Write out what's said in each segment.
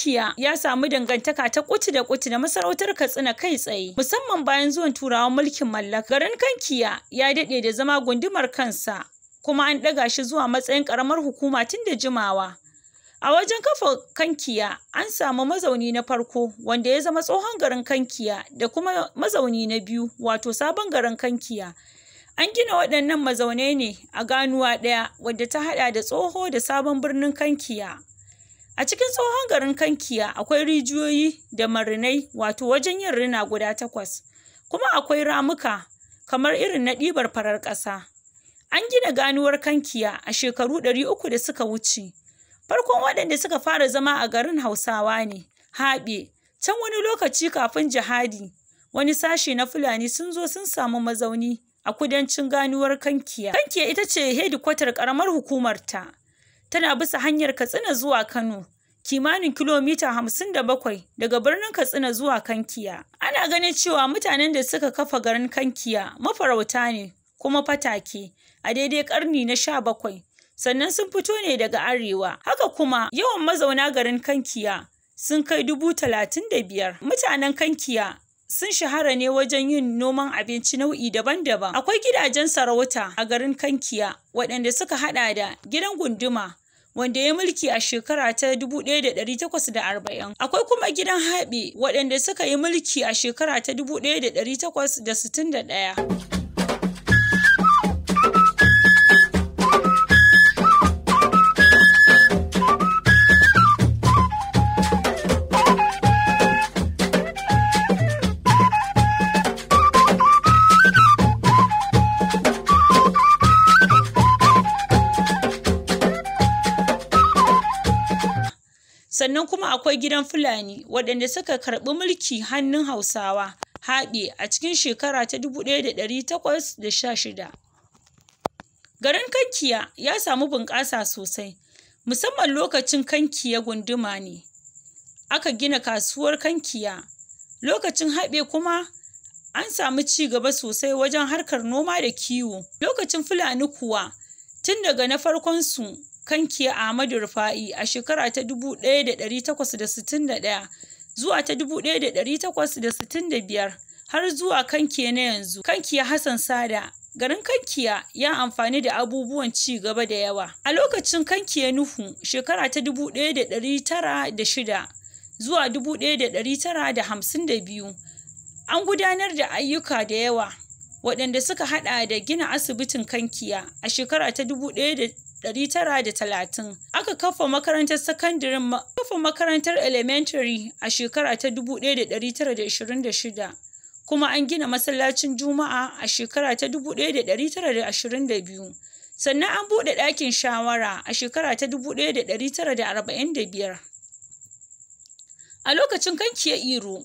Turkiya ya samu dangantaka ta kuti da kuti da masarautar Katsina kai tsaye musamman bayan zuwan turawan mulkin mallaka garin Kankiya ya dade da zama gundumar kansa kuma an daga shi zuwa matsayin karamar hukuma tun da jimawa A wajen kafa Kankiya, an samu mazauni na farko wanda ya zama tsohon garin Kankiya da kuma mazauni na biyu wato sabon garin Kankiya. An gina waɗannan mazaunai ne a ganuwa ɗaya wadda ta haɗa da tsoho da sabon birnin Kankiya. A cikin tsohon garin Kankiya akwai rijiyoyi da marinai wato wajen yin rina guda takwas, kuma akwai ramuka kamar irin na ɗibar farar ƙasa. An gina ganuwar Kankiya a shekaru ɗari uku da suka wuce. Farkon waɗanda suka fara zama a garin Hausawa ne, Haɓe, can wani lokaci kafin jihadi, wani sashe na Fulani sun zo sun samu mazauni a kudancin ganuwar Kankiya. Kankiya ita ce hedikwatar ƙaramar hukumarta. tana bisa hanyar Katsina zuwa Kano, kimanin kilomita hamsin da bakwai daga birnin Katsina zuwa Kankiya. Ana ganin cewa mutanen da suka kafa garin Kankiya mafarauta ne kuma fatake a daidai karni na sha bakwai, sannan sun fito ne daga arewa. Haka kuma yawan mazauna garin Kankiya sun kai dubu talatin da biyar. Mutanen Kankiya sun shahara ne wajen yin noman abinci nau'i daban-daban. Akwai gidajen sarauta a garin Kankiya waɗanda suka haɗa da gidan gunduma wanda ya mulki a shekara ta 1840. Akwai kuma gidan haɓe waɗanda suka yi mulki a shekara ta 1861. sannan kuma akwai gidan Fulani waɗanda suka karɓi mulki hannun Hausawa haɓe a cikin shekara ta 1816. Garin Kankiya ya samu bunƙasa sosai, musamman lokacin Kankiya gunduma ne. Aka gina kasuwar Kankiya, lokacin haɓe kuma an samu ci gaba sosai wajen harkar noma da kiwo. Lokacin Fulani kuwa, tun daga na farkonsu kanki Ahmadu Rufa'i a shekara ta 1861 zuwa ta 1865 har zuwa kanki na yanzu. Kankiya Hassan Sada garin kankiya ya amfani da abubuwan ci gaba da yawa. A lokacin kankiya Nuhu shekara ta 1906 zuwa 1952 an gudanar da ayyuka da yawa waɗanda suka haɗa da gina asibitin kankiya a shekara ta 1930 aka kafa makarantar sakandirin kafa makarantar elementary a shekara ta 1926 kuma an gina masallacin juma'a a shekara ta 1922 sannan an buɗe ɗakin shawara a shekara ta 1945 a lokacin kankiya iro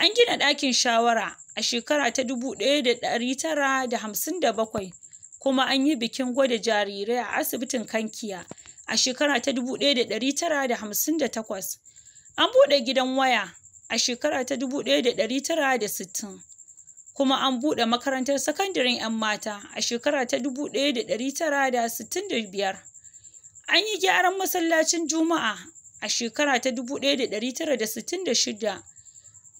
An gina ɗakin shawara a shekara ta 1957 kuma an yi bikin gwada jarirai a asibitin kankiya a shekara ta 1958. An buɗe gidan waya a shekara ta 1960 kuma an buɗe makarantar sakandaren 'yan mata a shekara ta 1965. An yi gyaran masallacin Juma'a a shekara ta 1966.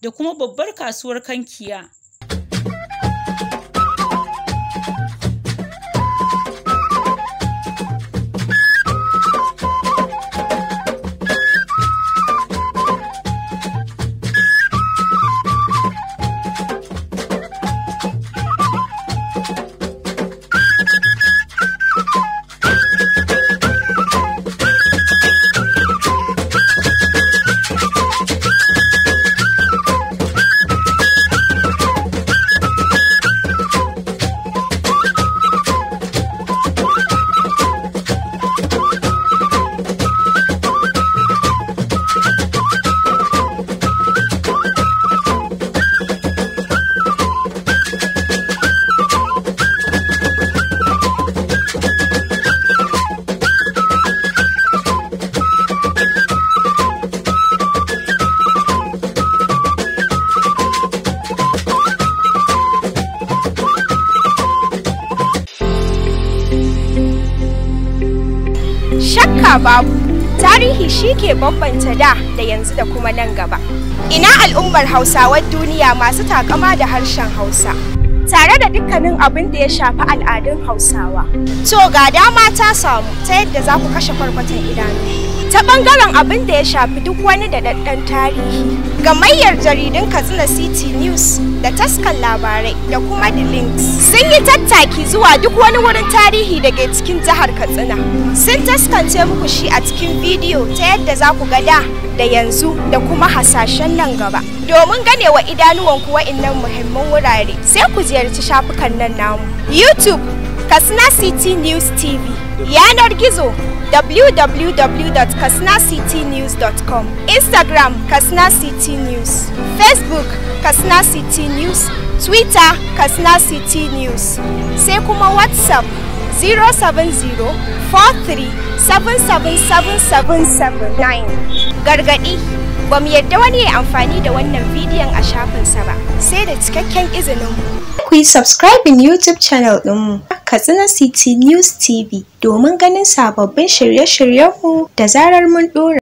da kuma babbar kasuwar Kankiya. shakka babu tarihi shi ke bambanta da da yanzu da kuma nan gaba ina al'ummar hausawar duniya masu takama da harshen hausa tare da dukkanin abin da ya shafi al'adun Hausawa. To ga dama ta samu ta yadda za ku kashe kwarkwatan idanu. Ta bangaren abin da ya shafi duk wani da daddan tarihi. Gamayyar jaridun Katsina City News da taskan labarai da kuma The Links sun yi tattaki zuwa duk wani wurin tarihi da cikin jihar Katsina. Sun taskance muku shi a cikin bidiyo ta yadda za ku ga da da yanzu da kuma hasashen nan gaba. Domin gane ganewa idanuwanku wa'innan muhimman wurare sai ku ziyarci shafukan nan namu. YouTube Kasna City News TV Yanar gizo www.kasnacitynews.com Instagram Kasna City News Facebook Kasna City News Twitter Kasna City News sai kuma WhatsApp 070 43 Gargaɗi ba mu yadda wani ya amfani da wannan bidiyon a shafinsa ba sai da cikakken izinin ku yi subscribing youtube channel ɗinmu katsina city news tv domin ganin sababbin shirye-shiryenmu da zarar mun ɗora